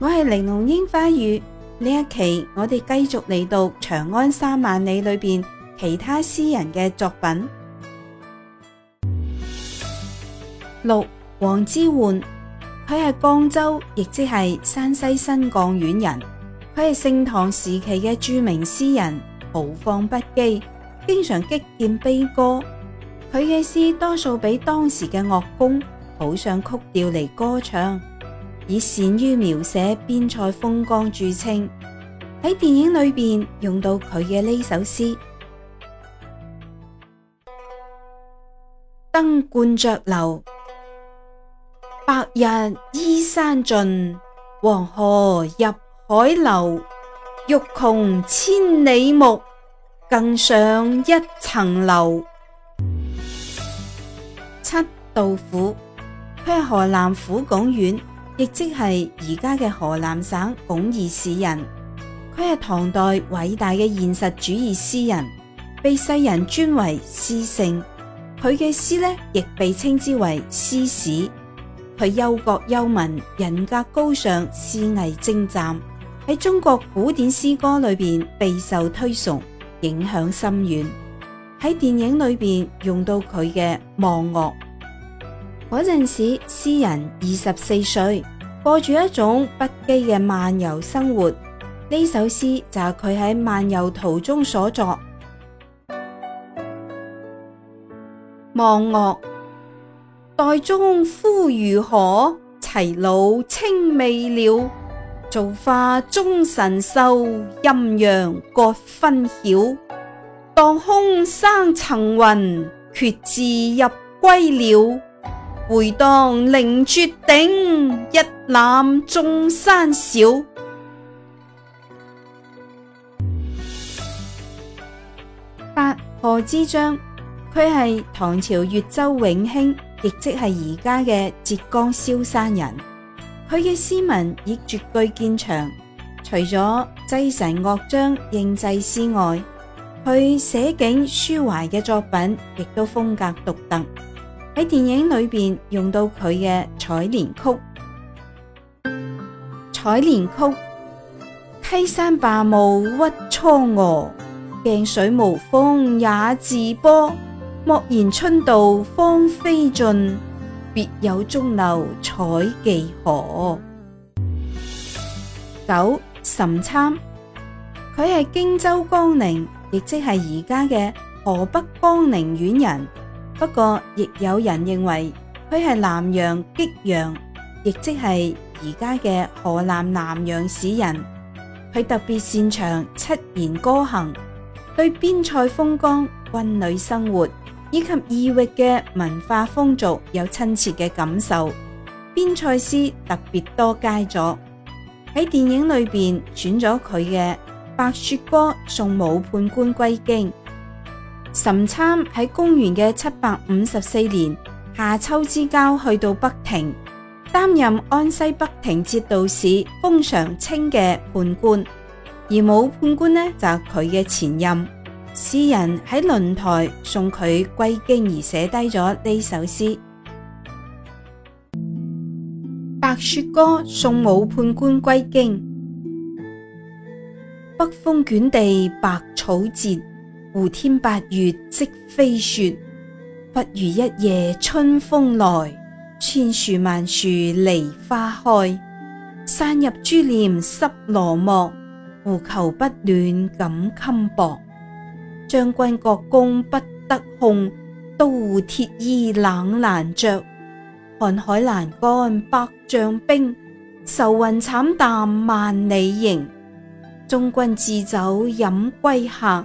我係玲瓏櫻花語呢一期，我哋繼續嚟到長安三萬里裏邊其他詩人嘅作品。六王之渙，佢係江州，亦即係山西新絳縣人，佢係盛唐時期嘅著名詩人，豪放不羈，經常擊劍悲歌。佢嘅詩多數俾當時嘅樂工譜上曲調嚟歌唱。以善於描寫邊塞風光著稱，喺電影裏邊用到佢嘅呢首詩：《登鸛雀樓》。白日依山盡，黃河入海流。欲窮千里目，更上一層樓。七杜甫，佢係河南府鞏縣。亦即係而家嘅河南省鞏義市人，佢係唐代偉大嘅現實主義詩人，被世人尊為詩聖。佢嘅詩呢，亦被稱之為詩史。佢憂國憂民，人格高尚，詩藝精湛，喺中國古典詩歌裏邊備受推崇，影響深遠。喺電影裏邊用到佢嘅《望嶽》。嗰陣時，詩人二十四歲，過住一種不羈嘅漫遊生活。呢首詩就係佢喺漫遊途中所作。望岳，岱宗夫如何？齊魯清未了，造化鍾神秀，陰陽各分曉。蕩空生層雲，決眦入歸鳥。會當凌絕頂，一覽眾山小。八、賀知章，佢係唐朝越州永興，亦即係而家嘅浙江蕭山人。佢嘅詩文亦絕句見長，除咗祭神樂章、應制詩外，佢寫景抒懷嘅作品亦都風格獨特。喺電影裏邊用到佢嘅《採蓮曲》。《採蓮曲》：稽山罷霧屈嵯峨，鏡水無風也自波。莫言春度芳菲盡，別有中流採芰荷。九、岑參，佢係荊州江寧，亦即係而家嘅河北江寧縣人。不過，亦有人認為佢係南陽激陽，亦即係而家嘅河南南陽市人。佢特別擅長七言歌行，對邊塞風光、軍旅生活以及異域嘅文化風俗有親切嘅感受。邊塞詩特別多佳作。喺電影裏邊選咗佢嘅《白雪歌送武判官歸京》。岑參喺公元嘅七百五十四年夏秋之交去到北庭，擔任安西北庭節度使封常清嘅判官，而武判官呢就係佢嘅前任。詩人喺輪台送佢歸京而寫低咗呢首詩《白雪歌送武判官歸京》。北風捲地白草折。胡天八月即飛雪，忽如一夜春風來。千樹萬樹梨花開。散入珠簾濕羅幕，狐裘不暖錦衾薄。將軍角弓不得控，都護鐵衣冷難着。瀚海闌干百丈冰，愁雲慘淡萬里凝。中軍置酒飲歸客。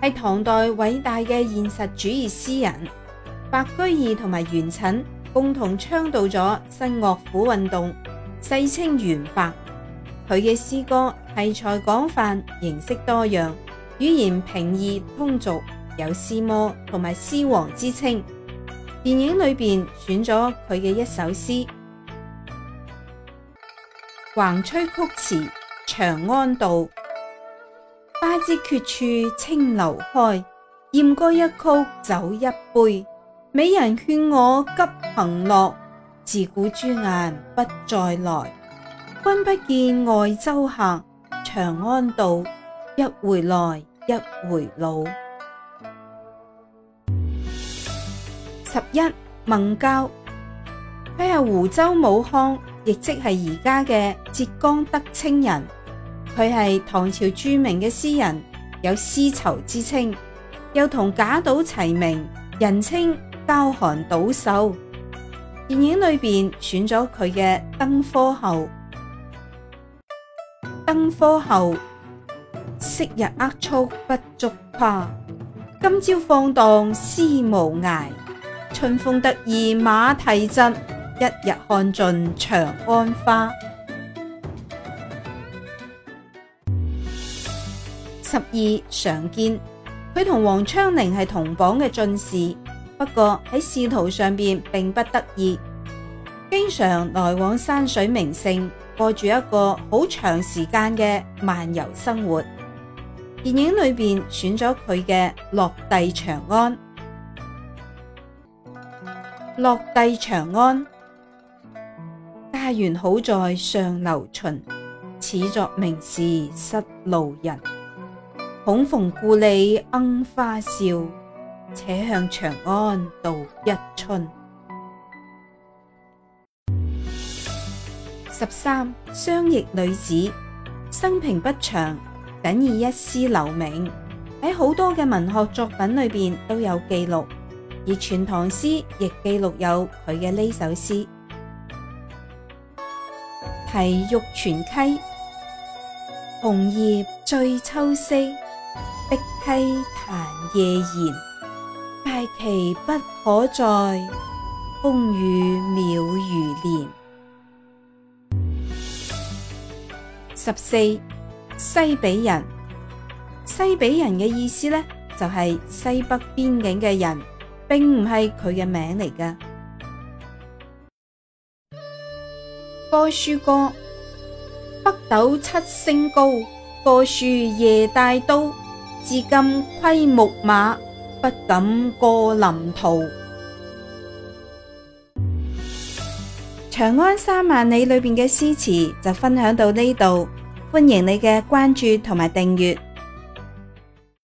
係唐代偉大嘅現實主義詩人白居易同埋元稹共同倡導咗新樂府運動，世稱元白。佢嘅詩歌題材廣泛，形式多樣，語言平易通俗，有詩魔同埋詩王之稱。電影裏邊選咗佢嘅一首詩《橫吹曲辭·長安道》。花、啊、枝缺處，青樓開；豔歌一曲，酒一杯。美人勸我急行樂，自古朱顏不再來。君不見，外州客，長安道，一回來，一回老。十一，孟郊，喺啊湖州武康，亦即係而家嘅浙江德清人。佢係唐朝著名嘅詩人，有絲綢之稱，又同賈島齊名，人稱郊寒島瘦。電影裏邊選咗佢嘅《登科後》。登科後，昔日齷齪不足誇，今朝放蕩思無涯。春風得意馬蹄疾，一日看盡長安花。十二常建，佢同王昌齡係同榜嘅進士，不過喺仕途上邊並不得意，經常來往山水名勝，過住一個好長時間嘅漫遊生活。電影裏邊選咗佢嘅《落第長安》，《落第長安》，家園好在尚留秦，恥作明時失路人，恐逢故里鶯花笑，且向長安度一春。十三湘驛女子生平不詳，僅以一詩留名，喺好多嘅文學作品裏邊都有記錄，而《全唐詩》亦記錄有佢嘅呢首詩：《題玉泉溪》紅最，紅葉醉秋色。碧溪潭夜言，怪其不可在，風雨渺如年。十四西鄙人，西鄙人嘅意思呢，就係、是、西北邊境嘅人，並唔係佢嘅名嚟㗎。哥舒歌，北斗七星高，哥舒夜帶刀。至今窺牧馬，不敢過臨洮。長安三萬里裏邊嘅詩詞就分享到呢度，歡迎你嘅關注同埋訂閱。